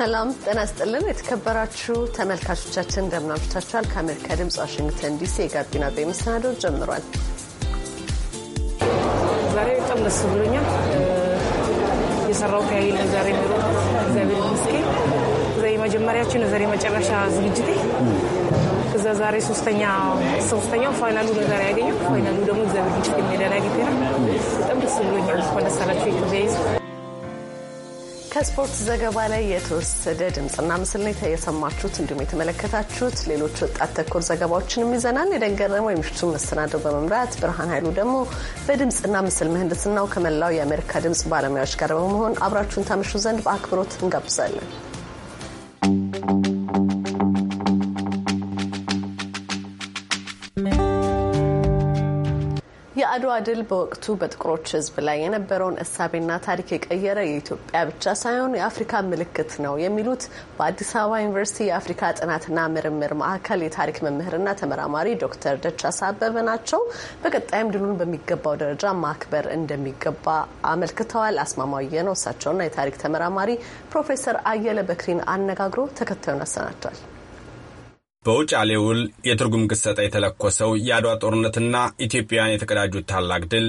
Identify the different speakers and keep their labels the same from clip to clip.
Speaker 1: ሰላም ጤና ስጥልን። የተከበራችሁ ተመልካቾቻችን እንደምናምሽታችኋል። ከአሜሪካ ድምፅ ዋሽንግተን ዲሲ የጋቢና ቤ መሰናዶ ጀምሯል።
Speaker 2: ዛሬ በጣም ደስ ብሎኛል። የሰራው ከያይለ ዛሬ ቢሮ እግዚአብሔር ይመስገን። እዛ የመጀመሪያችን ዛሬ መጨረሻ ዝግጅቴ እዛ ዛሬ ሶስተኛ ሶስተኛው ፋይናሉ ነው ዛሬ ያገኘው ፋይናሉ ደግሞ እግዚአብሔር ይመስገን ሜዳሊያ ነው። በጣም ደስ ብሎኛል። እንኳን ደስ አላችሁ ኢትዮጵያ
Speaker 1: ከስፖርት ዘገባ ላይ የተወሰደ ድምፅና ምስል ነው የሰማችሁት። እንዲሁም የተመለከታችሁት ሌሎች ወጣት ተኮር ዘገባዎችንም ይዘናል። የደንገረመው የምሽቱን መሰናደው በመምራት ብርሃን ኃይሉ ደግሞ በድምፅና ምስል ምህንድስናው ከመላው የአሜሪካ ድምፅ ባለሙያዎች ጋር በመሆን አብራችሁን ታምሹ ዘንድ በአክብሮት እንጋብዛለን። የአድዋ ድል በወቅቱ በጥቁሮች ሕዝብ ላይ የነበረውን እሳቤና ታሪክ የቀየረ የኢትዮጵያ ብቻ ሳይሆን የአፍሪካ ምልክት ነው የሚሉት በአዲስ አበባ ዩኒቨርሲቲ የአፍሪካ ጥናትና ምርምር ማዕከል የታሪክ መምህርና ተመራማሪ ዶክተር ደቻሳ አበበ ናቸው። በቀጣይም ድሉን በሚገባው ደረጃ ማክበር እንደሚገባ አመልክተዋል። አስማማየ ነው እሳቸውና የታሪክ ተመራማሪ ፕሮፌሰር አየለ በክሪን አነጋግሮ ተከታዩን አሰናድቷል።
Speaker 3: በውጫሌ ውል የትርጉም ቅሰጣ የተለኮሰው የአድዋ ጦርነትና ኢትዮጵያውያን የተቀዳጁት ታላቅ ድል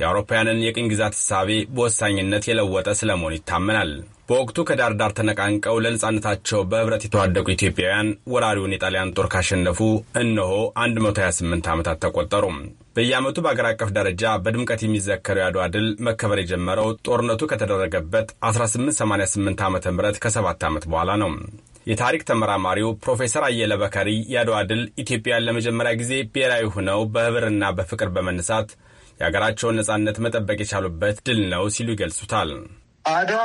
Speaker 3: የአውሮፓውያንን የቅኝ ግዛት እሳቤ በወሳኝነት የለወጠ ስለመሆኑ ይታመናል። በወቅቱ ከዳር ዳር ተነቃንቀው ለነጻነታቸው በህብረት የተዋደቁ ኢትዮጵያውያን ወራሪውን የጣሊያን ጦር ካሸነፉ እነሆ 128 ዓመታት ተቆጠሩም። በየዓመቱ በአገር አቀፍ ደረጃ በድምቀት የሚዘከረው የአድዋ ድል መከበር የጀመረው ጦርነቱ ከተደረገበት 1888 ዓ ም ከሰባት ዓመት በኋላ ነው። የታሪክ ተመራማሪው ፕሮፌሰር አየለ በከሪ የአድዋ ድል ኢትዮጵያን ለመጀመሪያ ጊዜ ብሔራዊ ሆነው በህብርና በፍቅር በመነሳት የሀገራቸውን ነጻነት መጠበቅ የቻሉበት ድል ነው ሲሉ ይገልጹታል።
Speaker 4: አድዋ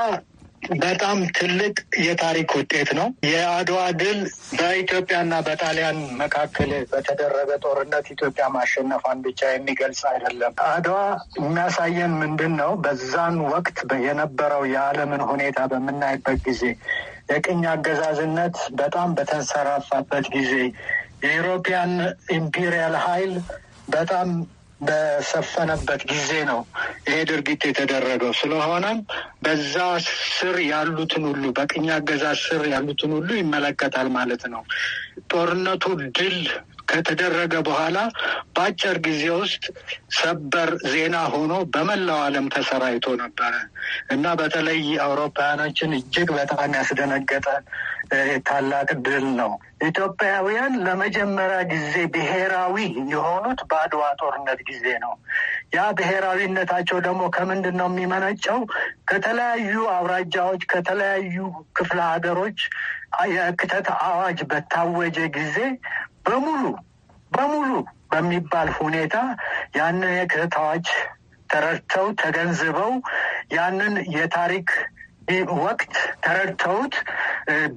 Speaker 4: በጣም ትልቅ የታሪክ ውጤት ነው። የአድዋ ድል በኢትዮጵያና በጣሊያን መካከል በተደረገ ጦርነት ኢትዮጵያ ማሸነፏን ብቻ የሚገልጽ አይደለም። አድዋ የሚያሳየን ምንድን ነው? በዛን ወቅት የነበረው የዓለምን ሁኔታ በምናይበት ጊዜ የቅኝ አገዛዝነት በጣም በተንሰራፋበት ጊዜ የኢሮፒያን ኢምፒሪያል ኃይል በጣም በሰፈነበት ጊዜ ነው ይሄ ድርጊት የተደረገው። ስለሆነም በዛ ስር ያሉትን ሁሉ በቅኝ አገዛዝ ስር ያሉትን ሁሉ ይመለከታል ማለት ነው። ጦርነቱ ድል ከተደረገ በኋላ በአጭር ጊዜ ውስጥ ሰበር ዜና ሆኖ በመላው ዓለም ተሰራይቶ ነበረ እና በተለይ አውሮፓውያኖችን እጅግ በጣም ያስደነገጠ ታላቅ ድል ነው። ኢትዮጵያውያን ለመጀመሪያ ጊዜ ብሔራዊ የሆኑት በአድዋ ጦርነት ጊዜ ነው። ያ ብሔራዊነታቸው ደግሞ ከምንድን ነው የሚመነጨው? ከተለያዩ አውራጃዎች፣ ከተለያዩ ክፍለ ሀገሮች የክተት አዋጅ በታወጀ ጊዜ በሙሉ በሙሉ በሚባል ሁኔታ ያንን የግዕዝ አዋጅ ተረድተው ተገንዝበው ያንን የታሪክ ወቅት ተረድተውት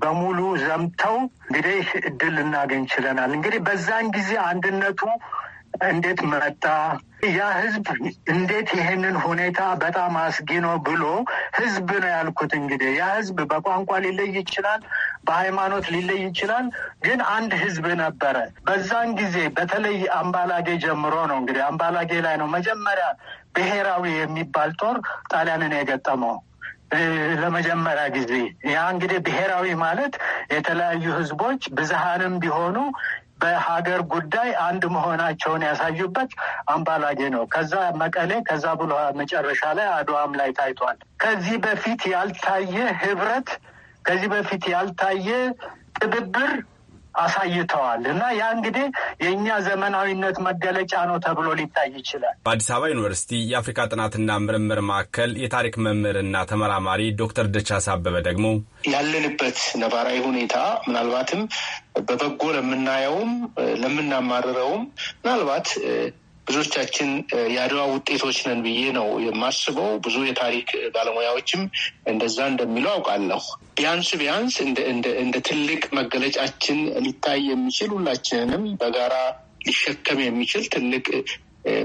Speaker 4: በሙሉ ዘምተው እንግዲህ እድል ልናገኝ ችለናል። እንግዲህ በዛን ጊዜ አንድነቱ እንዴት መጣ ያ ህዝብ እንዴት ይህንን ሁኔታ በጣም አስጊ ነው ብሎ ህዝብ ነው ያልኩት። እንግዲህ ያ ህዝብ በቋንቋ ሊለይ ይችላል፣ በሃይማኖት ሊለይ ይችላል። ግን አንድ ህዝብ ነበረ። በዛን ጊዜ በተለይ አምባላጌ ጀምሮ ነው እንግዲህ አምባላጌ ላይ ነው መጀመሪያ ብሔራዊ የሚባል ጦር ጣሊያንን የገጠመው ለመጀመሪያ ጊዜ ያ እንግዲህ ብሔራዊ ማለት የተለያዩ ህዝቦች ብዝሃንም ቢሆኑ በሀገር ጉዳይ አንድ መሆናቸውን ያሳዩበት አምባላጌ ነው። ከዛ መቀሌ፣ ከዛ ብሎ መጨረሻ ላይ አድዋም ላይ ታይቷል። ከዚህ በፊት ያልታየ ህብረት፣ ከዚህ በፊት ያልታየ ትብብር አሳይተዋል እና ያ እንግዲህ የእኛ ዘመናዊነት መገለጫ ነው ተብሎ ሊታይ ይችላል።
Speaker 3: በአዲስ አበባ ዩኒቨርሲቲ የአፍሪካ ጥናትና ምርምር ማዕከል የታሪክ መምህርና ተመራማሪ ዶክተር ደቻሳ አበበ ደግሞ ያለንበት
Speaker 5: ነባራዊ ሁኔታ ምናልባትም በበጎ ለምናየውም ለምናማርረውም ምናልባት ብዙዎቻችን የአድዋ ውጤቶች ነን ብዬ ነው የማስበው። ብዙ የታሪክ ባለሙያዎችም እንደዛ እንደሚሉ አውቃለሁ። ቢያንስ ቢያንስ እንደ ትልቅ መገለጫችን ሊታይ የሚችል ሁላችንንም በጋራ ሊሸከም የሚችል ትልቅ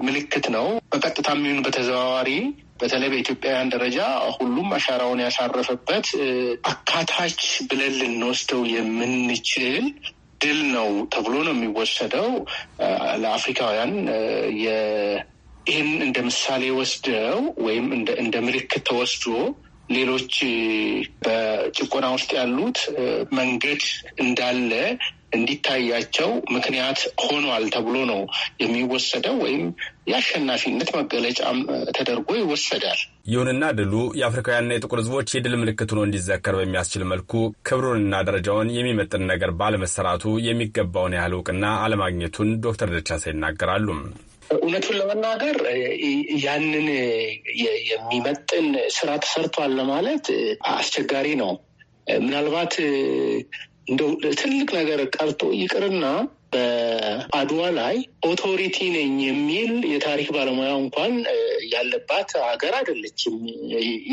Speaker 5: ምልክት ነው። በቀጥታም ይሁን በተዘዋዋሪ በተለይ በኢትዮጵያውያን ደረጃ ሁሉም አሻራውን ያሳረፈበት አካታች ብለን ልንወስደው የምንችል ድል ነው ተብሎ ነው የሚወሰደው። ለአፍሪካውያን ይህን እንደ ምሳሌ ወስደው ወይም እንደ ምልክት ተወስዶ ሌሎች በጭቆና ውስጥ ያሉት መንገድ እንዳለ እንዲታያቸው ምክንያት ሆኗል ተብሎ ነው የሚወሰደው ወይም የአሸናፊነት መገለጫም ተደርጎ
Speaker 3: ይወሰዳል። ይሁንና ድሉ የአፍሪካውያንና የጥቁር ሕዝቦች የድል ምልክት ሆኖ እንዲዘከር በሚያስችል መልኩ ክብሩንና ደረጃውን የሚመጥን ነገር ባለመሰራቱ የሚገባውን ያህል እውቅና አለማግኘቱን ዶክተር ደቻሳ ይናገራሉ።
Speaker 5: እውነቱን ለመናገር ያንን የሚመጥን ስራ ተሰርቷል ለማለት አስቸጋሪ ነው። ምናልባት እንደው ትልቅ ነገር ቀርቶ ይቅርና በአድዋ ላይ ኦቶሪቲ ነኝ የሚል የታሪክ ባለሙያ እንኳን ያለባት ሀገር አይደለችም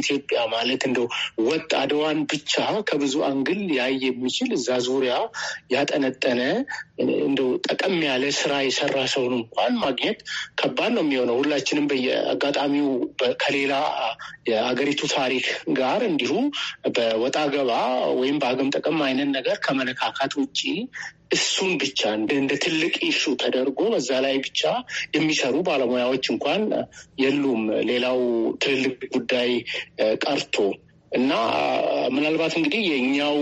Speaker 5: ኢትዮጵያ። ማለት እንደው ወጥ አድዋን ብቻ ከብዙ አንግል ያይ የሚችል እዛ ዙሪያ ያጠነጠነ እንደው ጠቀም ያለ ስራ የሰራ ሰውን እንኳን ማግኘት ከባድ ነው የሚሆነው። ሁላችንም በየአጋጣሚው ከሌላ የአገሪቱ ታሪክ ጋር እንዲሁ በወጣ ገባ ወይም በአገም ጠቀም አይነት ነገር ከመለካካት ውጭ እሱን ብቻ እንደ ትልቅ ኢሹ ተደርጎ እዛ ላይ ብቻ የሚሰሩ ባለሙያዎች እንኳን የሉም። ሌላው ትልልቅ ጉዳይ ቀርቶ እና ምናልባት እንግዲህ የኛው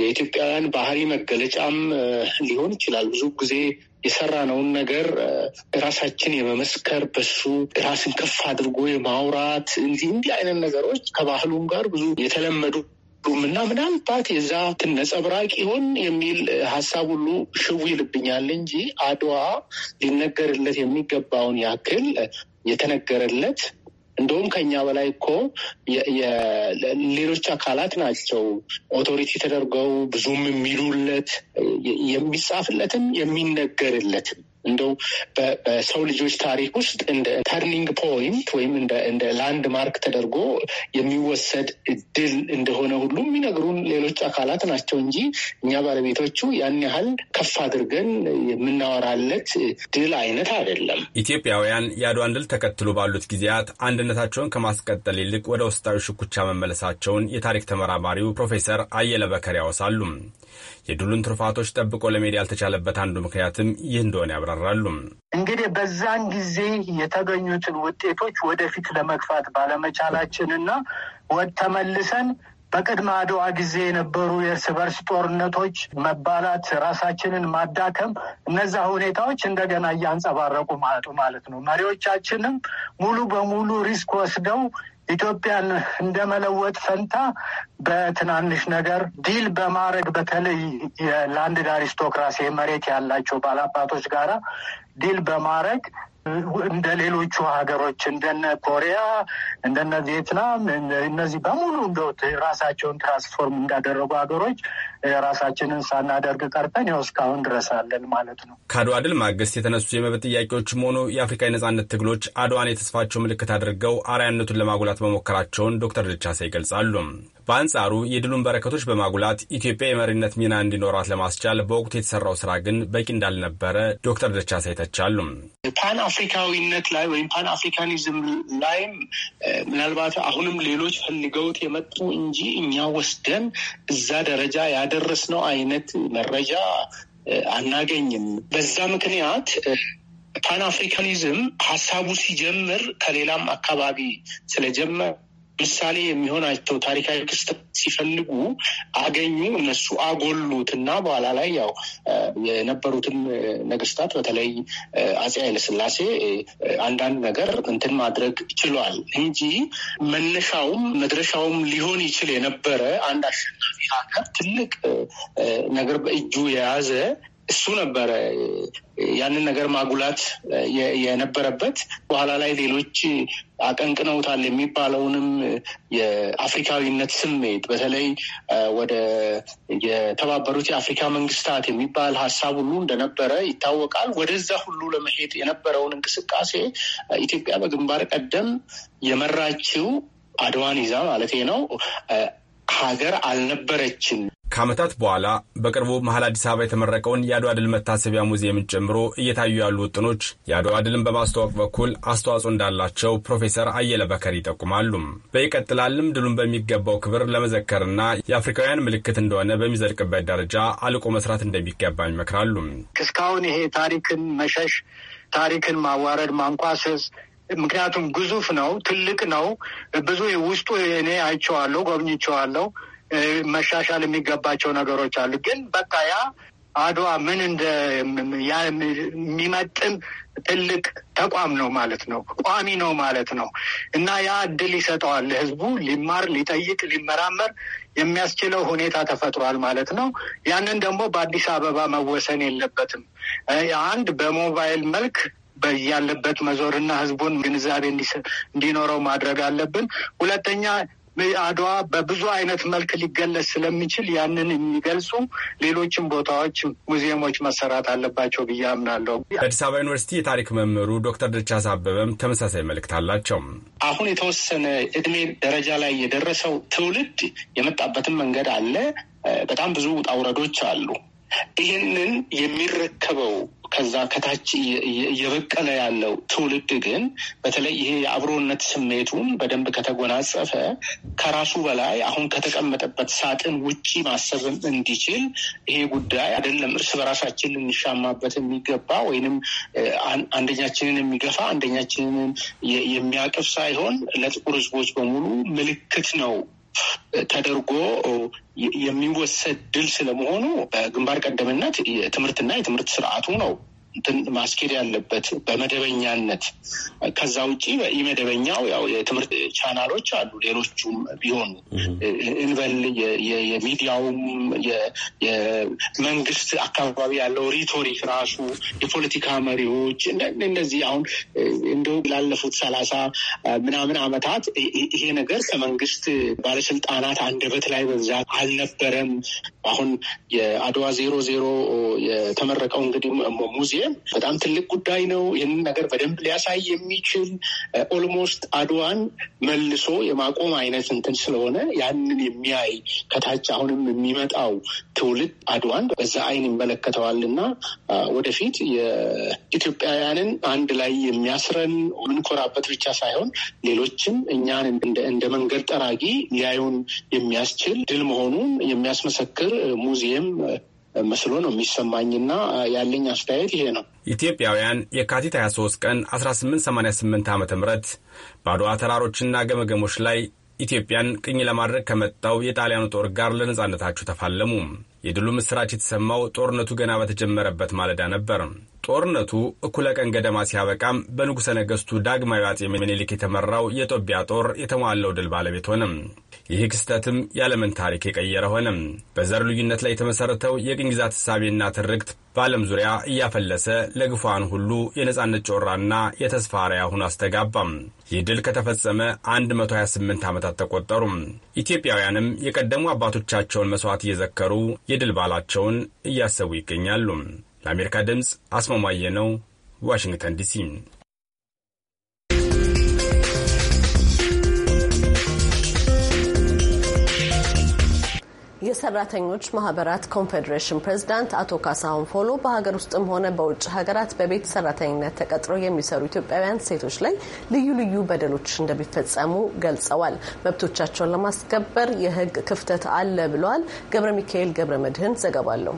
Speaker 5: የኢትዮጵያውያን ባህሪ መገለጫም ሊሆን ይችላል። ብዙ ጊዜ የሰራነውን ነገር ራሳችን የመመስከር በሱ ራስን ከፍ አድርጎ የማውራት እንዲህ እንዲህ አይነት ነገሮች ከባህሉም ጋር ብዙ የተለመዱ ሩም እና ምናልባት የዛ ነጸብራቅ ይሆን የሚል ሀሳብ ሁሉ ሽው ይልብኛል እንጂ አድዋ ሊነገርለት የሚገባውን ያክል የተነገረለት እንደውም ከኛ በላይ እኮ ሌሎች አካላት ናቸው ኦቶሪቲ ተደርገው ብዙም የሚሉለት የሚጻፍለትም የሚነገርለትም እንደው በሰው ልጆች ታሪክ ውስጥ እንደ ተርኒንግ ፖይንት ወይም እንደ ላንድ ማርክ ተደርጎ የሚወሰድ እድል እንደሆነ ሁሉ የሚነግሩን ሌሎች አካላት ናቸው እንጂ እኛ ባለቤቶቹ ያን ያህል ከፍ አድርገን የምናወራለት ድል አይነት አይደለም።
Speaker 3: ኢትዮጵያውያን የአድዋን ድል ተከትሎ ባሉት ጊዜያት አንድነታቸውን ከማስቀጠል ይልቅ ወደ ውስጣዊ ሽኩቻ መመለሳቸውን የታሪክ ተመራማሪው ፕሮፌሰር አየለ በከር ያወሳሉ። የድሉን ትሩፋቶች ጠብቆ ለመሄድ ያልተቻለበት አንዱ ምክንያትም ይህ እንደሆነ ያብራል ያብራራሉ።
Speaker 4: እንግዲህ በዛን ጊዜ የተገኙትን ውጤቶች ወደፊት ለመግፋት ባለመቻላችንና ወድ ተመልሰን በቅድመ አድዋ ጊዜ የነበሩ የእርስ በርስ ጦርነቶች፣ መባላት፣ ራሳችንን ማዳከም እነዛ ሁኔታዎች እንደገና እያንጸባረቁ ማለቱ ማለት ነው። መሪዎቻችንም ሙሉ በሙሉ ሪስክ ወስደው ኢትዮጵያን እንደመለወጥ ፈንታ በትናንሽ ነገር ዲል በማድረግ በተለይ የላንድ አሪስቶክራሲ መሬት ያላቸው ባላባቶች ጋራ ዲል በማድረግ እንደ ሌሎቹ ሀገሮች እንደነ ኮሪያ፣ እንደነ ቪየትናም እነዚህ በሙሉ እንደ ራሳቸውን ትራንስፎርም እንዳደረጉ ሀገሮች ራሳችንን ሳናደርግ ቀርተን ይኸው እስካሁን ድረስ አለን ማለት ነው።
Speaker 3: ከአድዋ ድል ማግስት የተነሱ የመብት ጥያቄዎችም ሆኑ የአፍሪካ የነጻነት ትግሎች አድዋን የተስፋቸው ምልክት አድርገው አርያነቱን ለማጉላት መሞከራቸውን ዶክተር ደቻሳ ይገልጻሉ። በአንጻሩ የድሉን በረከቶች በማጉላት ኢትዮጵያ የመሪነት ሚና እንዲኖራት ለማስቻል በወቅቱ የተሰራው ስራ ግን በቂ እንዳልነበረ ዶክተር ደቻሳ ይተቻሉ።
Speaker 5: ፓን አፍሪካዊነት ላይ ወይም ፓን አፍሪካኒዝም ላይም ምናልባት አሁንም ሌሎች ፈልገውት የመጡ እንጂ እኛ ወስደን እዛ ደረጃ ያደረስነው አይነት መረጃ አናገኝም። በዛ ምክንያት ፓን አፍሪካኒዝም ሀሳቡ ሲጀምር ከሌላም አካባቢ ስለጀመር ምሳሌ የሚሆናቸው ታሪካዊ ክስተት ሲፈልጉ አገኙ፣ እነሱ አጎሉት እና በኋላ ላይ ያው የነበሩትን ነገስታት በተለይ አፄ ኃይለስላሴ አንዳንድ ነገር እንትን ማድረግ ችሏል እንጂ መነሻውም መድረሻውም ሊሆን ይችል የነበረ አንድ አሸናፊ ሀገር ትልቅ ነገር በእጁ የያዘ እሱ ነበረ ያንን ነገር ማጉላት የነበረበት። በኋላ ላይ ሌሎች አቀንቅነውታል የሚባለውንም የአፍሪካዊነት ስሜት በተለይ ወደ የተባበሩት የአፍሪካ መንግስታት የሚባል ሀሳብ ሁሉ እንደነበረ ይታወቃል። ወደዛ ሁሉ ለመሄድ የነበረውን እንቅስቃሴ ኢትዮጵያ በግንባር ቀደም የመራችው አድዋን ይዛ ማለት ነው ሀገር አልነበረችም።
Speaker 3: ከዓመታት በኋላ በቅርቡ መሀል አዲስ አበባ የተመረቀውን የአድዋ ድል መታሰቢያ ሙዚየምን ጨምሮ እየታዩ ያሉ ውጥኖች የአድዋ ድልን በማስተዋወቅ በኩል አስተዋጽኦ እንዳላቸው ፕሮፌሰር አየለ በከር ይጠቁማሉ። በይቀጥላልም ድሉን በሚገባው ክብር ለመዘከርና የአፍሪካውያን ምልክት እንደሆነ በሚዘልቅበት ደረጃ አልቆ መስራት እንደሚገባ ይመክራሉ።
Speaker 4: እስካሁን ይሄ ታሪክን መሸሽ፣ ታሪክን ማዋረድ፣ ማንኳሰስ ምክንያቱም ግዙፍ ነው፣ ትልቅ ነው። ብዙ ውስጡ እኔ አይቼዋለሁ፣ ጎብኝቼዋለሁ። መሻሻል የሚገባቸው ነገሮች አሉ። ግን በቃ ያ አድዋ ምን እንደ የሚመጥን ትልቅ ተቋም ነው ማለት ነው። ቋሚ ነው ማለት ነው እና ያ እድል ይሰጠዋል ለህዝቡ ሊማር፣ ሊጠይቅ፣ ሊመራመር የሚያስችለው ሁኔታ ተፈጥሯል ማለት ነው። ያንን ደግሞ በአዲስ አበባ መወሰን የለበትም። አንድ በሞባይል መልክ ያለበት መዞርና ህዝቡን ግንዛቤ እንዲኖረው ማድረግ አለብን። ሁለተኛ አድዋ በብዙ አይነት መልክ ሊገለጽ ስለሚችል ያንን የሚገልጹ ሌሎችም ቦታዎች፣ ሙዚየሞች መሰራት አለባቸው ብዬ አምናለሁ።
Speaker 3: የአዲስ አበባ ዩኒቨርሲቲ የታሪክ መምህሩ ዶክተር ደቻስ አበበም ተመሳሳይ መልእክት አላቸው።
Speaker 5: አሁን የተወሰነ እድሜ ደረጃ ላይ የደረሰው ትውልድ የመጣበትን መንገድ አለ። በጣም ብዙ ውጣ ውረዶች አሉ። ይህንን የሚረከበው ከዛ ከታች እየበቀለ ያለው ትውልድ ግን በተለይ ይሄ የአብሮነት ስሜቱን በደንብ ከተጎናጸፈ ከራሱ በላይ አሁን ከተቀመጠበት ሳጥን ውጪ ማሰብም እንዲችል ይሄ ጉዳይ አይደለም እርስ በራሳችን ልንሻማበት የሚገባ ወይንም አንደኛችንን የሚገፋ አንደኛችንን የሚያቅፍ ሳይሆን ለጥቁር ሕዝቦች በሙሉ ምልክት ነው ተደርጎ የሚወሰድ ድል ስለመሆኑ በግንባር ቀደምትነት ትምህርትና የትምህርት ስርዓቱ ነው ማስኬድ ያለበት በመደበኛነት። ከዛ ውጭ የመደበኛው ያው የትምህርት ቻናሎች አሉ፣ ሌሎቹም ቢሆኑ እንበል የሚዲያውም የመንግስት አካባቢ ያለው ሪቶሪክ ራሱ የፖለቲካ መሪዎች እነዚህ አሁን እንደ ላለፉት ሰላሳ ምናምን አመታት ይሄ ነገር ከመንግስት ባለስልጣናት አንደበት ላይ በብዛት አልነበረም። አሁን የአድዋ ዜሮ ዜሮ የተመረቀው እንግዲህ ሙዚየም በጣም ትልቅ ጉዳይ ነው። ይህንን ነገር በደንብ ሊያሳይ የሚችል ኦልሞስት አድዋን መልሶ የማቆም አይነት እንትን ስለሆነ ያንን የሚያይ ከታች አሁንም የሚመጣው ትውልድ አድዋን በዛ አይን ይመለከተዋል እና ወደፊት የኢትዮጵያውያንን አንድ ላይ የሚያስረን የምንኮራበት ብቻ ሳይሆን ሌሎችም እኛን እንደ መንገድ ጠራጊ ሊያዩን የሚያስችል ድል መሆኑን የሚያስመሰክር ሙዚየም መስሎ ነው የሚሰማኝና ያለኝ አስተያየት ይሄ ነው።
Speaker 3: ኢትዮጵያውያን የካቲት 23 ቀን 1888 ዓ ም በአድዋ ተራሮችና ገመገሞች ላይ ኢትዮጵያን ቅኝ ለማድረግ ከመጣው የጣሊያኑ ጦር ጋር ለነጻነታችሁ ተፋለሙ። የድሉ ምስራች የተሰማው ጦርነቱ ገና በተጀመረበት ማለዳ ነበር። ጦርነቱ እኩለ ቀን ገደማ ሲያበቃም በንጉሠ ነገሥቱ ዳግማዊ አጼ ምኒልክ የተመራው የጦቢያ ጦር የተሟላው ድል ባለቤት ሆነም። ይህ ክስተትም የዓለምን ታሪክ የቀየረ ሆነም። በዘር ልዩነት ላይ የተመሠረተው የቅኝ ግዛት እሳቤና ትርክት በዓለም ዙሪያ እያፈለሰ ለግፏን ሁሉ የነጻነት ጮራና የተስፋ ራያ ሆኖ አስተጋባም። ይህ ድል ከተፈጸመ 128 ዓመታት ተቆጠሩም። ኢትዮጵያውያንም የቀደሙ አባቶቻቸውን መሥዋዕት እየዘከሩ የድል ባላቸውን እያሰቡ ይገኛሉ። ለአሜሪካ ድምፅ አስማማየ ነው፣ ዋሽንግተን ዲሲ።
Speaker 1: የሰራተኞች ማህበራት ኮንፌዴሬሽን ፕሬዝዳንት አቶ ካሳሁን ፎሎ በሀገር ውስጥም ሆነ በውጭ ሀገራት በቤት ሰራተኝነት ተቀጥሮ የሚሰሩ ኢትዮጵያውያን ሴቶች ላይ ልዩ ልዩ በደሎች እንደሚፈጸሙ ገልጸዋል። መብቶቻቸውን ለማስከበር የህግ ክፍተት አለ ብለዋል። ገብረ ሚካኤል ገብረ መድህን ዘገባ አለው።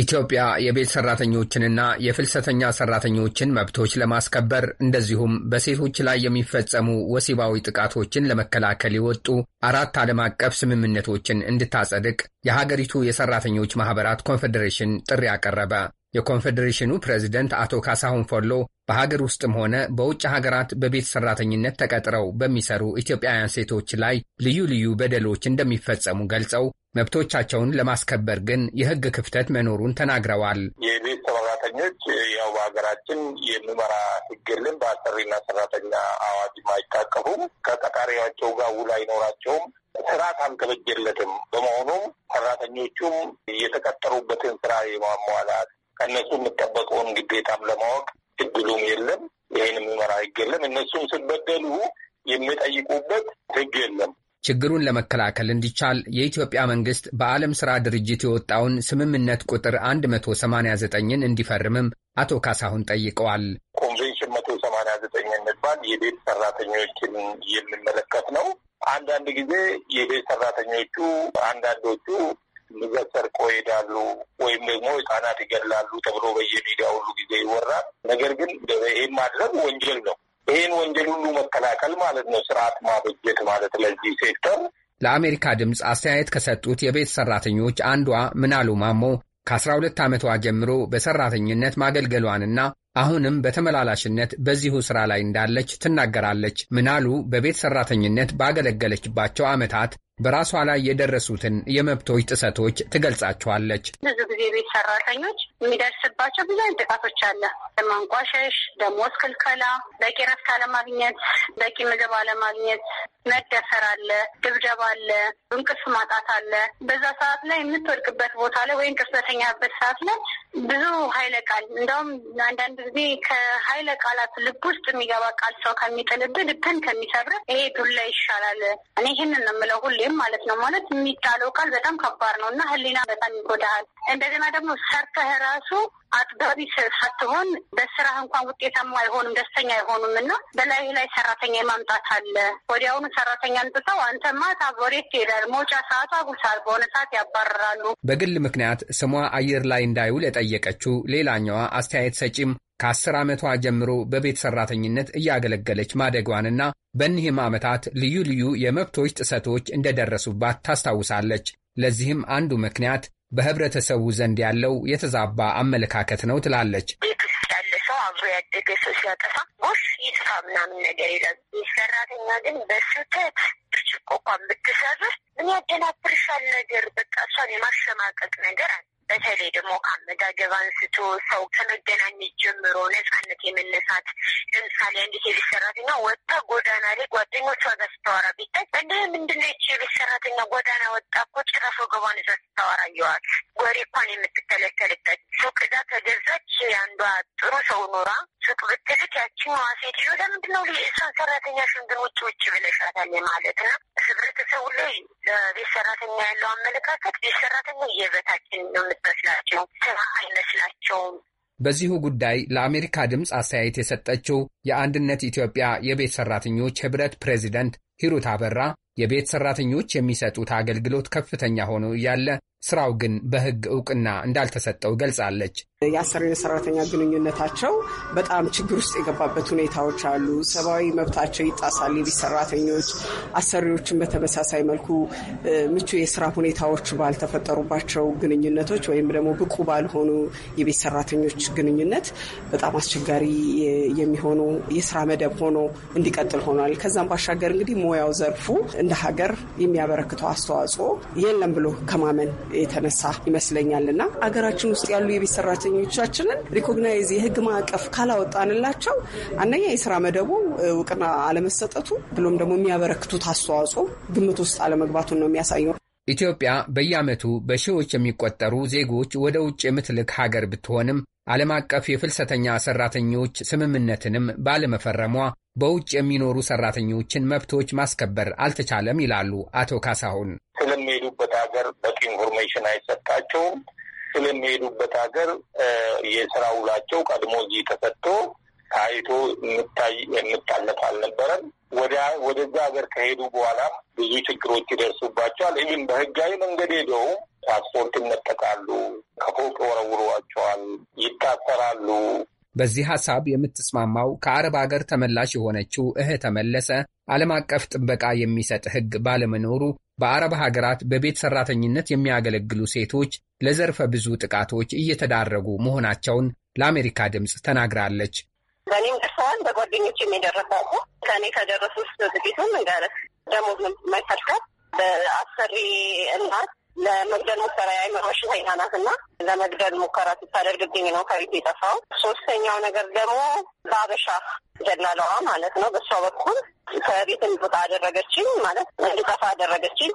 Speaker 6: ኢትዮጵያ የቤት ሰራተኞችንና የፍልሰተኛ ሰራተኞችን መብቶች ለማስከበር እንደዚሁም በሴቶች ላይ የሚፈጸሙ ወሲባዊ ጥቃቶችን ለመከላከል የወጡ አራት ዓለም አቀፍ ስምምነቶችን እንድታጸድቅ የሀገሪቱ የሰራተኞች ማኅበራት ኮንፌዴሬሽን ጥሪ አቀረበ። የኮንፌዴሬሽኑ ፕሬዚደንት አቶ ካሳሁን ፎሎ በሀገር ውስጥም ሆነ በውጭ ሀገራት በቤት ሰራተኝነት ተቀጥረው በሚሰሩ ኢትዮጵያውያን ሴቶች ላይ ልዩ ልዩ በደሎች እንደሚፈጸሙ ገልጸው መብቶቻቸውን ለማስከበር ግን የሕግ ክፍተት መኖሩን ተናግረዋል።
Speaker 7: የቤት ሰራተኞች
Speaker 8: ያው በሀገራችን የሚመራ ሕግ የለም። በአሰሪና ሰራተኛ አዋጅም አይታቀፉም። ከቀጣሪያቸው ጋር ውል አይኖራቸውም። ስርዓት አልተበጀለትም። በመሆኑም ሰራተኞቹም የተቀጠሩበትን ስራ የማሟላት ከእነሱ የምጠበቀውን ግዴታም ለማወቅ እድሉም የለም። ይህን የሚመራ ህግ የለም። እነሱም ስበደሉ
Speaker 7: የሚጠይቁበት
Speaker 6: ህግ የለም። ችግሩን ለመከላከል እንዲቻል የኢትዮጵያ መንግስት በዓለም ሥራ ድርጅት የወጣውን ስምምነት ቁጥር 189ን እንዲፈርምም አቶ ካሳሁን ጠይቀዋል።
Speaker 8: ኮንቬንሽን 189 የሚባል የቤት ሰራተኞችን የሚመለከት ነው። አንዳንድ ጊዜ የቤት ሰራተኞቹ አንዳንዶቹ ልጆች ይሄዳሉ ወይም ደግሞ ህጻናት ይገላሉ ተብሎ በየሚዲያ ሁሉ ጊዜ ይወራል። ነገር ግን ይህም ማድረግ ወንጀል ነው። ይህን ወንጀል ሁሉ መከላከል ማለት ነው
Speaker 7: ስርዓት ማበጀት ማለት
Speaker 6: ለዚህ ሴክተር። ለአሜሪካ ድምፅ አስተያየት ከሰጡት የቤት ሰራተኞች አንዷ ምናሉ ማሞ ከአስራ ሁለት ዓመቷ ጀምሮ በሰራተኝነት ማገልገሏንና አሁንም በተመላላሽነት በዚሁ ሥራ ላይ እንዳለች ትናገራለች። ምናሉ በቤት ሠራተኝነት ባገለገለችባቸው ዓመታት በራሷ ላይ የደረሱትን የመብቶች ጥሰቶች ትገልጻቸዋለች።
Speaker 7: ብዙ ጊዜ ቤት ሰራተኞች የሚደርስባቸው ብዙ አይነት ጥቃቶች አለ። ለማንቋሸሽ፣ ደሞዝ ክልከላ፣ በቂ ረፍት አለማግኘት፣ በቂ ምግብ አለማግኘት፣ መደፈር አለ፣ ድብደባ አለ፣ እንቅልፍ ማጣት አለ። በዛ ሰዓት ላይ የምትወድቅበት ቦታ ላይ ወይም ቅርስ በተኛበት ሰዓት ላይ ብዙ ኃይለ ቃል እንደውም አንዳንድ ስለዚህ ከሀይለ ቃላት ልብ ውስጥ የሚገባ ቃል ሰው ከሚጥልብህ ልብህን ከሚሰብርህ ይሄ ዱላ ይሻላል። እኔ ይህንን የምለው ሁሌም ማለት ነው። ማለት የሚጣለው ቃል በጣም ከባድ ነው እና ህሊና በጣም ይጎዳሃል። እንደገና ደግሞ ሰርተህ ራሱ አጥጋቢ ሳትሆን በስራህ እንኳን ውጤታማ አይሆኑም ደስተኛ አይሆኑም እና በላይ ላይ ሰራተኛ የማምጣት አለ። ወዲያውኑ ሰራተኛ አምጥተው አንተማ ታቦሬት ይሄዳል፣ መውጫ ሰዓቱ አጉሳል፣ በሆነ ሰዓት
Speaker 6: ያባረራሉ። በግል ምክንያት ስሟ አየር ላይ እንዳይውል የጠየቀችው ሌላኛዋ አስተያየት ሰጪም ከአስር ዓመቷ ጀምሮ በቤት ሰራተኝነት እያገለገለች ማደጓንና በእኒህም ዓመታት ልዩ ልዩ የመብቶች ጥሰቶች እንደደረሱባት ታስታውሳለች። ለዚህም አንዱ ምክንያት በህብረተሰቡ ዘንድ ያለው የተዛባ አመለካከት ነው ትላለች።
Speaker 7: ሰው አብሮ ያደገ ሰው ሲያጠፋ ጎሽ ይጥፋ ምናምን ነገር ይላል። ሰራተኛ ግን በስህተት ብርጭቆ እንኳን ብትሰብር ምን ያደናብርሻል ነገር በቃ እሷን የማሸማቀቅ ነገር አለ። በተለይ ደግሞ ከአመጋገብ አንስቶ ሰው ከመገናኘት ጀምሮ ነጻነት የመነሳት ለምሳሌ አንድ የቤት ሰራተኛ ወጣ ጎዳና ላይ ጓደኞቿ ጋር ስታወራ ቢታይ እንደ ምንድነች የቤት ሰራተኛ ጎዳና ወጣ እኮ ጭራሽ ወገቧን ይዛ ስታወራ እየዋል ወሬ እንኳን የምትከለከልበት ሱቅ ዳ ከገዛች አንዷ ጥሩ ሰው ኖራ ሱቅ ብትልክ ያችኛዋ ሴትዮ ለምንድነው እሷን ሰራተኛ ሽንግን ውጭ ውጭ ብለሻታል ማለት ነው። ህብረተሰቡ ላይ ለቤት ሰራተኛ ያለው አመለካከት ቤት ሰራተኛ የበታችን ነው አይመስላቸውም፣
Speaker 6: በዚሁ ጉዳይ ለአሜሪካ ድምፅ አስተያየት የሰጠችው የአንድነት ኢትዮጵያ የቤት ሰራተኞች ህብረት ፕሬዚደንት ሂሩት አበራ የቤት ሰራተኞች የሚሰጡት አገልግሎት ከፍተኛ ሆኖ እያለ ስራው ግን በህግ እውቅና እንዳልተሰጠው ገልጻለች።
Speaker 1: የአሰሪና ሰራተኛ ግንኙነታቸው በጣም ችግር ውስጥ የገባበት ሁኔታዎች አሉ። ሰብአዊ መብታቸው ይጣሳል። የቤት ሰራተኞች አሰሪዎችን በተመሳሳይ መልኩ ምቹ የስራ ሁኔታዎች ባልተፈጠሩባቸው ግንኙነቶች ወይም ደግሞ ብቁ ባልሆኑ የቤት ሰራተኞች ግንኙነት በጣም አስቸጋሪ የሚሆኑ የስራ መደብ ሆኖ እንዲቀጥል ሆኗል። ከዛም ባሻገር እንግዲህ ሙያው ዘርፉ እንደ ሀገር የሚያበረክተው አስተዋጽኦ የለም ብሎ ከማመን የተነሳ ይመስለኛል እና ሀገራችን ውስጥ ያሉ የቤት ሰራተኞች ሰራተኞቻችንን ሪኮግናይዝ የህግ ማዕቀፍ ካላወጣንላቸው አንደኛ የስራ መደቡ እውቅና አለመሰጠቱ ብሎም ደግሞ የሚያበረክቱት አስተዋጽኦ ግምት ውስጥ አለመግባቱን ነው የሚያሳየው።
Speaker 6: ኢትዮጵያ በየዓመቱ በሺዎች የሚቆጠሩ ዜጎች ወደ ውጭ የምትልክ ሀገር ብትሆንም ዓለም አቀፍ የፍልሰተኛ ሰራተኞች ስምምነትንም ባለመፈረሟ በውጭ የሚኖሩ ሰራተኞችን መብቶች ማስከበር አልተቻለም ይላሉ አቶ ካሳሁን።
Speaker 8: ስለሚሄዱበት ሀገር በቂ ኢንፎርሜሽን አይሰጣቸውም። ስለሚሄዱበት ሀገር የስራ ውላቸው ቀድሞ እዚህ ተሰጥቶ ታይቶ የምታይ የምታለፍ አልነበረም። ወደዛ ሀገር ከሄዱ በኋላም ብዙ ችግሮች ይደርሱባቸዋል። ይህም በህጋዊ መንገድ ሄደው ፓስፖርት ይነጠቃሉ፣ ከፎቅ ወረውረዋቸዋል፣ ይታሰራሉ።
Speaker 6: በዚህ ሀሳብ የምትስማማው ከአረብ ሀገር ተመላሽ የሆነችው እህ ተመለሰ ዓለም አቀፍ ጥበቃ የሚሰጥ ህግ ባለመኖሩ በአረብ ሀገራት በቤት ሰራተኝነት የሚያገለግሉ ሴቶች ለዘርፈ ብዙ ጥቃቶች እየተዳረጉ መሆናቸውን ለአሜሪካ ድምፅ ተናግራለች።
Speaker 7: በእኔም ደርሰዋል፣ በጓደኞችም የደረሰው ከእኔ ከደረሱ ውስጥ ጥቂቱም እንዳለ ደሞዝ የማይፈልጋት በአሰሪ እናት ለመግደል ሙከራ የአእምሮ በሽተኛ ናት እና ለመግደል ሙከራ ስታደርግብኝ ነው ከቤት የጠፋው። ሶስተኛው ነገር ደግሞ በአበሻ ደላለዋ ማለት ነው። በእሷ በኩል ከቤት እንድወጣ አደረገችኝ፣ ማለት እንድጠፋ አደረገችኝ።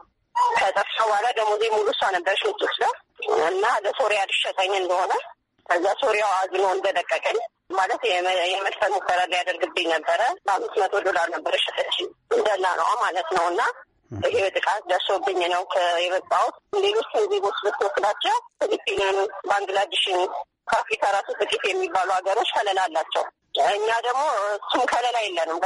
Speaker 7: ከጠፋ በኋላ ደሞዜ ሙሉ እሷ ነበረች ምትወስደው እና ለሶሪያ ልሸጠኝ እንደሆነ ከዛ ሶሪያው አዝኖ እንደለቀቀኝ ማለት የመድፈር ሙከራ ሊያደርግብኝ ነበረ። በአምስት መቶ ዶላር ነበረ ሸጠችኝ፣ ደላለዋ ማለት ነው እና ይህ ጥቃት ደርሶብኝ ነው የመጣሁት። ሌሎች ዜጎች ብትወስዳቸው ፊሊፒንስ፣ ባንግላዴሽን ከአፍሪካ ራሱ ጥቂት የሚባሉ ሀገሮች ከለላ አላቸው። እኛ ደግሞ እሱም ከለላ የለንም።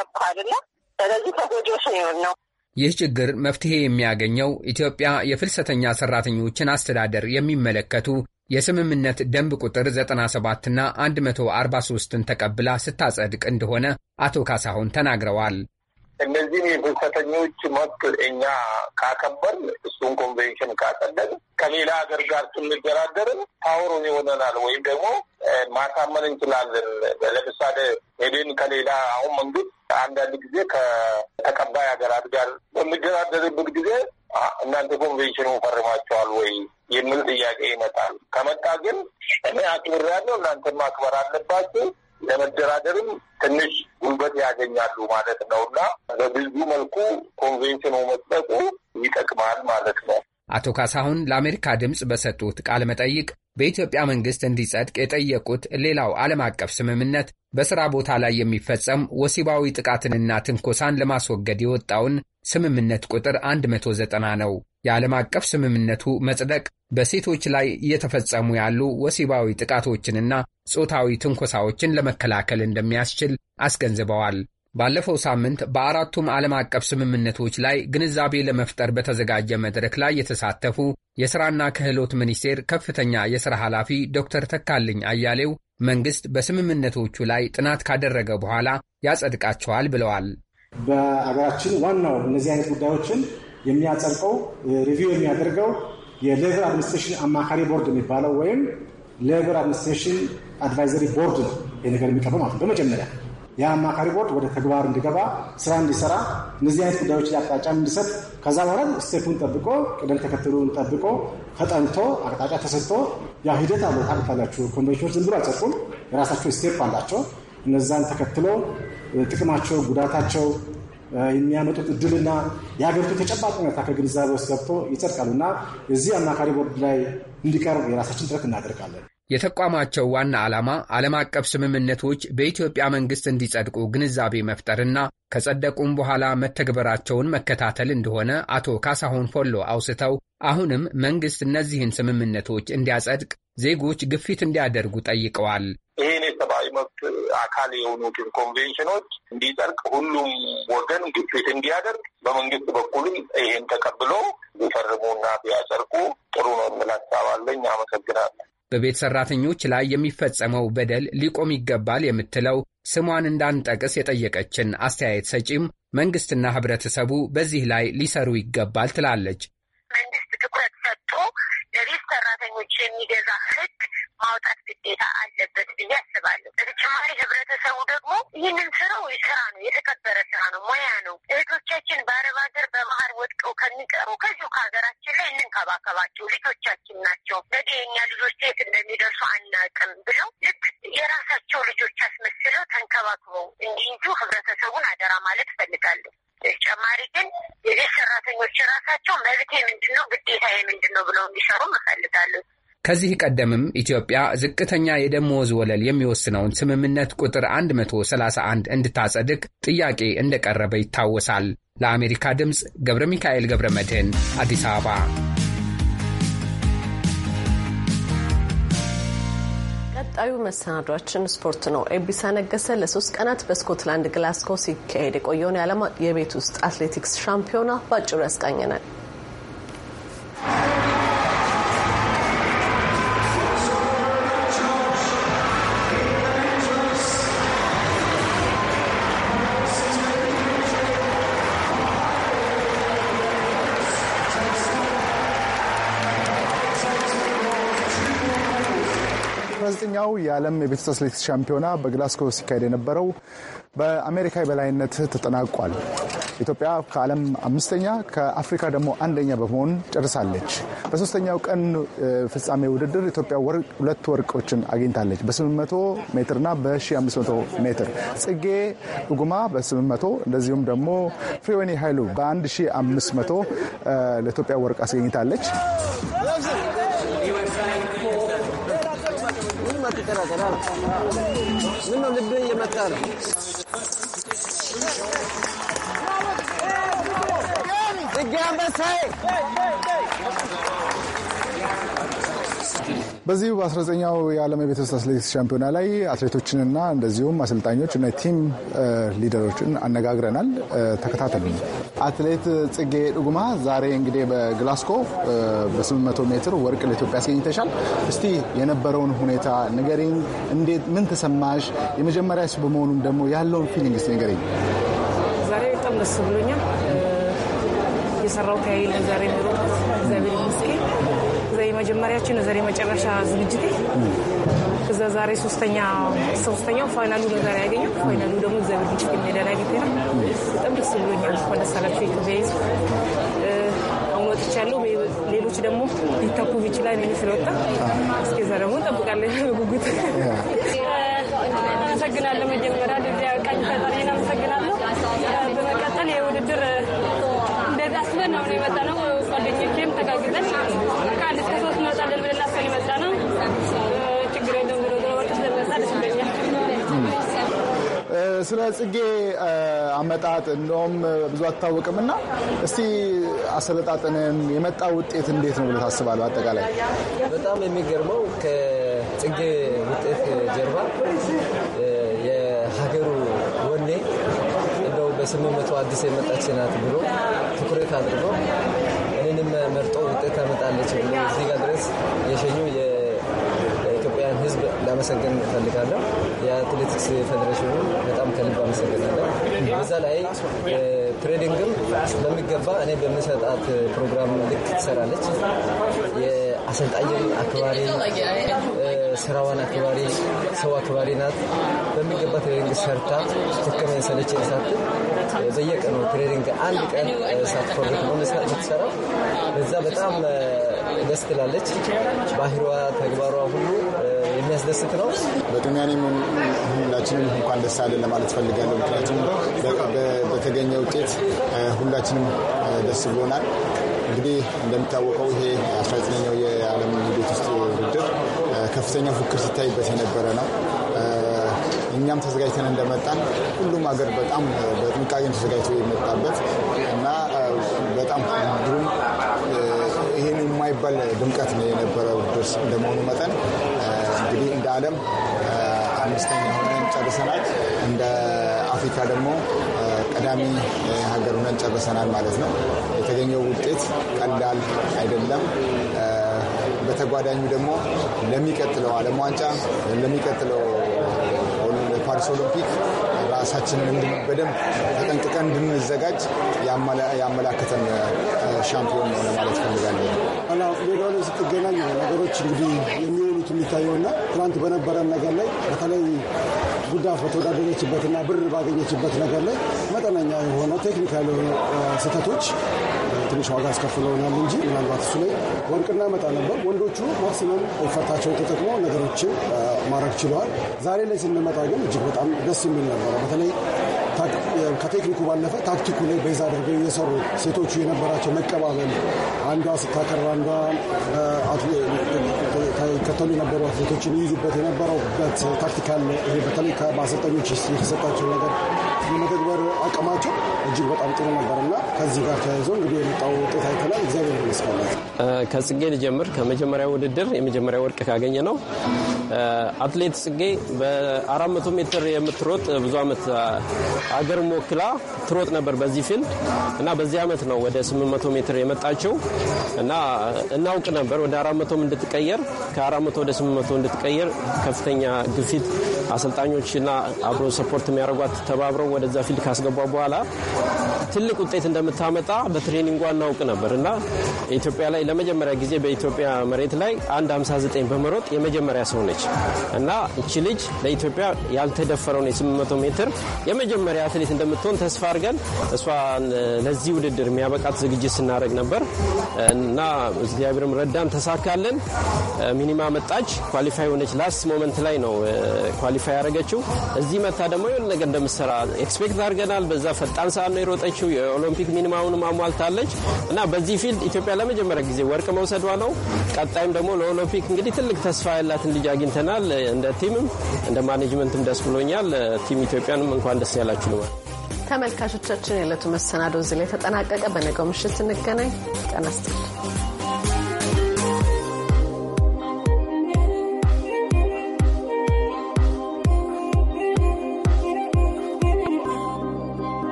Speaker 7: ስለዚህ ተጎጂዎች
Speaker 6: ነው ይህ ችግር መፍትሄ የሚያገኘው ኢትዮጵያ የፍልሰተኛ ሰራተኞችን አስተዳደር የሚመለከቱ የስምምነት ደንብ ቁጥር 97ና 143ን ተቀብላ ስታጸድቅ እንደሆነ አቶ ካሳሁን ተናግረዋል።
Speaker 8: እነዚህም የፍልሰተኞች መብት እኛ ካከበር እሱን ኮንቬንሽን ካጸደቅ ከሌላ ሀገር ጋር ስንደራደርን ታውሩን ይሆነናል ወይም ደግሞ ማሳመን እንችላለን። ለምሳሌ ሄድን ከሌላ አሁን መንግስት አንዳንድ ጊዜ ከተቀባይ ሀገራት ጋር በሚደራደርበት ጊዜ እናንተ ኮንቬንሽኑ ፈርማቸዋል ወይ የሚል ጥያቄ ይመጣል። ከመጣ ግን እኔ አክብር ያለው እናንተ ማክበር አለባችሁ ለመደራደርም ትንሽ ጉልበት ያገኛሉ ማለት ነው እና በብዙ መልኩ ኮንቬንሽኑ መጥበቁ ይጠቅማል ማለት ነው።
Speaker 6: አቶ ካሳሁን ለአሜሪካ ድምፅ በሰጡት ቃለ መጠይቅ በኢትዮጵያ መንግስት እንዲጸድቅ የጠየቁት ሌላው ዓለም አቀፍ ስምምነት በሥራ ቦታ ላይ የሚፈጸም ወሲባዊ ጥቃትንና ትንኮሳን ለማስወገድ የወጣውን ስምምነት ቁጥር 190 ነው። የዓለም አቀፍ ስምምነቱ መጽደቅ በሴቶች ላይ እየተፈጸሙ ያሉ ወሲባዊ ጥቃቶችንና ጾታዊ ትንኮሳዎችን ለመከላከል እንደሚያስችል አስገንዝበዋል። ባለፈው ሳምንት በአራቱም ዓለም አቀፍ ስምምነቶች ላይ ግንዛቤ ለመፍጠር በተዘጋጀ መድረክ ላይ የተሳተፉ የሥራና ክህሎት ሚኒስቴር ከፍተኛ የሥራ ኃላፊ ዶክተር ተካልኝ አያሌው መንግሥት በስምምነቶቹ ላይ ጥናት ካደረገ በኋላ ያጸድቃቸዋል ብለዋል።
Speaker 9: በአገራችን ዋናው እነዚህ አይነት ጉዳዮችን የሚያጸድቀው ሪቪው የሚያደርገው የሌቨር አድሚኒስትሬሽን አማካሪ ቦርድ የሚባለው ወይም ሌቨር አድሚኒስትሬሽን አድቫይዘሪ ቦርድ ነው። ይህ ነገር የሚቀርበው ማለት በመጀመሪያ ያ አማካሪ ቦርድ ወደ ተግባር እንዲገባ ስራ እንዲሰራ እነዚህ አይነት ጉዳዮች ላይ አቅጣጫ እንዲሰጥ ከዛ በኋላ ስቴፑን ጠብቆ ቅደም ተከተሉን ጠብቆ ተጠንቶ አቅጣጫ ተሰጥቶ ያ ሂደት አለ። ታቅታላችሁ ኮንቬንሽኖች ዝም ብሎ አይጸድቁም። የራሳቸው ስቴፕ አላቸው። እነዛን ተከትሎ ጥቅማቸው፣ ጉዳታቸው የሚያመጡት እድልና የሀገሪቱ ተጨባጭ ሁኔታ ከግንዛቤ ውስጥ ገብቶ ይጸድቃሉ እና እዚህ አማካሪ ቦርድ ላይ እንዲቀርብ የራሳችን ጥረት እናደርጋለን።
Speaker 6: የተቋማቸው ዋና ዓላማ ዓለም አቀፍ ስምምነቶች በኢትዮጵያ መንግስት እንዲጸድቁ ግንዛቤ መፍጠርና ከጸደቁም በኋላ መተግበራቸውን መከታተል እንደሆነ አቶ ካሳሁን ፎሎ አውስተው አሁንም መንግስት እነዚህን ስምምነቶች እንዲያጸድቅ ዜጎች ግፊት እንዲያደርጉ ጠይቀዋል። ይህን
Speaker 8: የሰብአዊ መብት አካል የሆኑትን ኮንቬንሽኖች እንዲጸድቅ ሁሉም ወገን ግፊት እንዲያደርግ በመንግስት በኩልም ይህን ተቀብሎ ቢፈርሙና ቢያጸድቁ ጥሩ ነው
Speaker 6: የምል ሀሳብ አለኝ። አመሰግናለሁ። በቤት ሰራተኞች ላይ የሚፈጸመው በደል ሊቆም ይገባል የምትለው ስሟን እንዳንጠቅስ የጠየቀችን አስተያየት ሰጪም መንግስትና ህብረተሰቡ በዚህ ላይ ሊሰሩ ይገባል ትላለች። መንግስት ትኩረት
Speaker 7: ሰጥቶ ለቤት ሰራተኞች የሚገዛ ህግ ማውጣት ግዴታ አለበት ብዬ አስባለሁ። በተጨማሪ ህብረተሰቡ ደግሞ ይህንን ስራው ስራ ነው፣ የተከበረ ስራ ነው፣ ሙያ ነው። እህቶቻችን በአረብ ሀገር በባህር ወድቀው ከሚቀሩ ከዚሁ ከሀገራችን ላይ እንንከባከባቸው፣ ልጆቻችን ናቸው። ነገ የኛ ልጆች የት እንደሚደርሱ አናውቅም ብለው ልክ የራሳቸው ልጆች አስመስለው ተንከባክበው እንዲይዙ ህብረተሰቡን አደራ ማለት እፈልጋለሁ። በተጨማሪ ግን የቤት ሰራተኞች ራሳቸው መብቴ ምንድን ነው ግዴታ ምንድን ነው ብለው እንዲሰሩም እፈልጋለሁ።
Speaker 6: ከዚህ ቀደምም ኢትዮጵያ ዝቅተኛ የደመወዝ ወለል የሚወስነውን ስምምነት ቁጥር 131 እንድታጸድቅ ጥያቄ እንደቀረበ ይታወሳል። ለአሜሪካ ድምፅ ገብረ ሚካኤል ገብረ መድህን አዲስ አበባ።
Speaker 1: ቀጣዩ መሰናዷችን ስፖርት ነው። ኤቢሳ ነገሰ ለሶስት ቀናት በስኮትላንድ ግላስኮ ሲካሄድ የቆየውን የዓለም የቤት ውስጥ አትሌቲክስ ሻምፒዮና በአጭሩ ያስቃኘናል።
Speaker 9: የዓለም የቤተሰብ አትሌቲክስ ሻምፒዮና በግላስኮ ሲካሄድ የነበረው በአሜሪካ የበላይነት ተጠናቋል። ኢትዮጵያ ከዓለም አምስተኛ ከአፍሪካ ደግሞ አንደኛ በመሆን ጨርሳለች። በሶስተኛው ቀን ፍጻሜ ውድድር ኢትዮጵያ ሁለት ወርቆችን አግኝታለች፣ በ800 ሜትርና በ1500 ሜትር። ጽጌ ጉማ በ800 እንደዚሁም ደግሞ ፍሬወኒ ኃይሉ በ1500 ለኢትዮጵያ ወርቅ አስገኝታለች።
Speaker 2: Minnu Libyen yemekler.
Speaker 4: The Gambas, hey! hey,
Speaker 9: በዚሁ በ19ኛው የዓለም የቤት አትሌቲክስ ሻምፒዮና ላይ አትሌቶችንና እንደዚሁም አሰልጣኞች እና ቲም ሊደሮችን አነጋግረናል። ተከታተሉ። አትሌት ጽጌ ዱጉማ ዛሬ እንግዲህ በግላስኮ በ800 ሜትር ወርቅ ለኢትዮጵያ አስገኝተሻል። እስቲ የነበረውን ሁኔታ ንገሪኝ። እንዴት ምን ተሰማሽ? የመጀመሪያ የመጀመሪያሽ በመሆኑም ደግሞ ያለውን ፊሊንግ ስ ንገሪኝ።
Speaker 2: ዛሬ በጣም ደስ ብሎኛል። የሰራው ተያይለ ዛሬ እግዚአብሔር የመጀመሪያችን ዛሬ መጨረሻ ዝግጅቴ እዛ ዛሬ ሶስተኛ ሶስተኛው ፋይናሉ ነገር ያገኘው ፋይናሉ ደግሞ እግዚአብሔር ግጭት የሚሄዳል ያገኘ በጣም ደስ ብሎኛል። እንኳን ደስ አላችሁ የኢትዮጵያ አሁን ወጥቻለሁ። ሌሎች ደግሞ ሊተኩ ይችላል ሚኒ ስለወጣ እስከዛ ደግሞ እንጠብቃለን በጉጉት። አመሰግናለሁ መጀመሪያ
Speaker 9: ስለ ጽጌ አመጣጥ እንደውም ብዙ አታወቅም እና እስቲ አሰለጣጥንን የመጣ ውጤት እንዴት ነው ብለ ታስባለህ? አጠቃላይ
Speaker 2: በጣም የሚገርመው ከጽጌ ውጤት ጀርባ የሀገሩ ወኔ እንደው በስምንት መቶ አዲስ የመጣች ናት ብሎ ትኩረት አድርጎ እኔንም መርጦ ውጤት ታመጣለች ብሎ እዚህ ጋር ድረስ የሸኙ የኢትዮጵያን ሕዝብ ላመሰገን እፈልጋለሁ። የአትሌቲክስ ፌዴሬሽኑ በጣም ከልብ አመሰግናለሁ። በዛ ላይ ትሬዲንግም በሚገባ እኔ በምሰጣት ፕሮግራም ልክ ትሰራለች። የአሰልጣኝን አክባሪ ስራዋን አክባሪ ሰው አክባሪ ናት። በሚገባ ትሬዲንግ ሰርታ ትክመኝ ሰለችኝ ሳትል በየቀኑ ትሬዲንግ አንድ ቀን ሳትፈርግ ነው በዛ በጣም ደስ ትላለች። ባህሯ ተግባሯ ሁሉ የሚያስደስት ነው።
Speaker 9: በቅድሚያ
Speaker 10: ሁላችንም እንኳን ደስ አለን ለማለት ፈልጋለሁ። ምክንያቱም በተገኘ ውጤት ሁላችንም ደስ ብሎናል። እንግዲህ እንደሚታወቀው ይሄ 19ኛው የዓለም ቤት ውስጥ ውድድር ከፍተኛ ፉክክር ሲታይበት የነበረ ነው። እኛም ተዘጋጅተን እንደመጣን ሁሉም ሀገር በጣም በጥንቃቄ ተዘጋጅቶ የመጣበት እና በጣም ድሩም ይህን የማይባል ድምቀት ነው የነበረ ውድድር እንደመሆኑ መጠን ዓለም አምስተኛ ሆነን ጨርሰናል። እንደ አፍሪካ ደግሞ ቀዳሚ ሀገር ሆነን ጨርሰናል ማለት ነው። የተገኘው ውጤት ቀላል አይደለም። በተጓዳኙ ደግሞ ለሚቀጥለው ዓለም ዋንጫ ለሚቀጥለው ፓሪስ ኦሎምፒክ ራሳችንን በደንብ ተጠንቅቀን እንድንዘጋጅ ያመላከተን ሻምፒዮን ሆነ ማለት ፈልጋለሁ። ሌጋሎ ስትገናኝ ነገሮች እንግዲህ የሚታየውና ትናንት በነበረን ነገር ላይ በተለይ ጉዳፍ በተወዳደረችበትና ብር ባገኘችበት ነገር ላይ መጠነኛ የሆነ ቴክኒካል የሆነ ስህተቶች ትንሽ ዋጋ አስከፍለውናል እንጂ ምናልባት እሱ ላይ ወርቅና መጣ ነበር። ወንዶቹ ማክሲመም ፈታቸውን ተጠቅሞ ነገሮችን ማድረግ ችለዋል። ዛሬ ላይ ስንመጣ ግን እጅግ በጣም ደስ የሚል ነበረ። በተለይ ከቴክኒኩ ባለፈ ታክቲኩ ላይ በዛ አድርገው የሰሩ ሴቶቹ የነበራቸው መቀባበል አንዷ ስታከር አንዷ ሲከተሉ የነበሩ አትሌቶችን ይይዙበት የነበረውበት ታክቲካል በተለይ በአሰልጣኞች የተሰጣቸው ነገር የመተግበር አቅማቸው እጅግ በጣም ጥሩ ነበር እና ከዚህ ጋር ተያይዞ እንግዲህ የመጣው ውጤት አይተናል። እግዚአብሔር ይመስገናል።
Speaker 2: ከጽጌ ልጀምር። ከመጀመሪያ ውድድር የመጀመሪያ ወርቅ ካገኘ ነው አትሌት ጽጌ በ400 ሜትር የምትሮጥ ብዙ ዓመት አገር ሞክላ ትሮጥ ነበር በዚህ ፊልድ እና በዚህ ዓመት ነው ወደ 800 ሜትር የመጣችው እና እናውቅ ነበር ወደ 400 እንድትቀየር ከ400 ወደ 800 እንድትቀየር ከፍተኛ ግፊት አሰልጣኞችና አብሮ ሰፖርት የሚያደርጓት ተባብረው ወደዛ ፊልድ ካስገቧ በኋላ ትልቅ ውጤት እንደምታመጣ በትሬኒንጓ እናውቅ ነበር እና ኢትዮጵያ ላይ ለመጀመሪያ ጊዜ በኢትዮጵያ መሬት ላይ አንድ 59 በመሮጥ የመጀመሪያ ሰው ነች እና እቺ ልጅ ለኢትዮጵያ ያልተደፈረውን የ800 ሜትር የመጀመሪያ አትሌት እንደምትሆን ተስፋ አድርገን እሷን ለዚህ ውድድር የሚያበቃት ዝግጅት ስናደርግ ነበር እና እግዚአብሔርም ረዳን፣ ተሳካልን። ሚኒማ መጣች፣ ኳሊፋይ ሆነች። ላስት ሞመንት ላይ ነው ኳሊ ኳሊፋይ ያደረገችው። እዚህ መታ ደግሞ የሆነ ነገር እንደምትሰራ ኤክስፔክት አድርገናል። በዛ ፈጣን ሰዓት ነው የሮጠችው። የኦሎምፒክ ሚኒማውንም አሟልታለች እና በዚህ ፊልድ ኢትዮጵያ ለመጀመሪያ ጊዜ ወርቅ መውሰዷ ነው። ቀጣይም ደግሞ ለኦሎምፒክ እንግዲህ ትልቅ ተስፋ ያላትን ልጅ አግኝተናል። እንደ ቲምም እንደ ማኔጅመንትም ደስ ብሎኛል። ቲም ኢትዮጵያንም እንኳን ደስ ያላችሁ ልማል።
Speaker 1: ተመልካቾቻችን የዕለቱ መሰናዶ እዚህ ላይ ተጠናቀቀ። በነገው ምሽት እንገናኝ። ጤና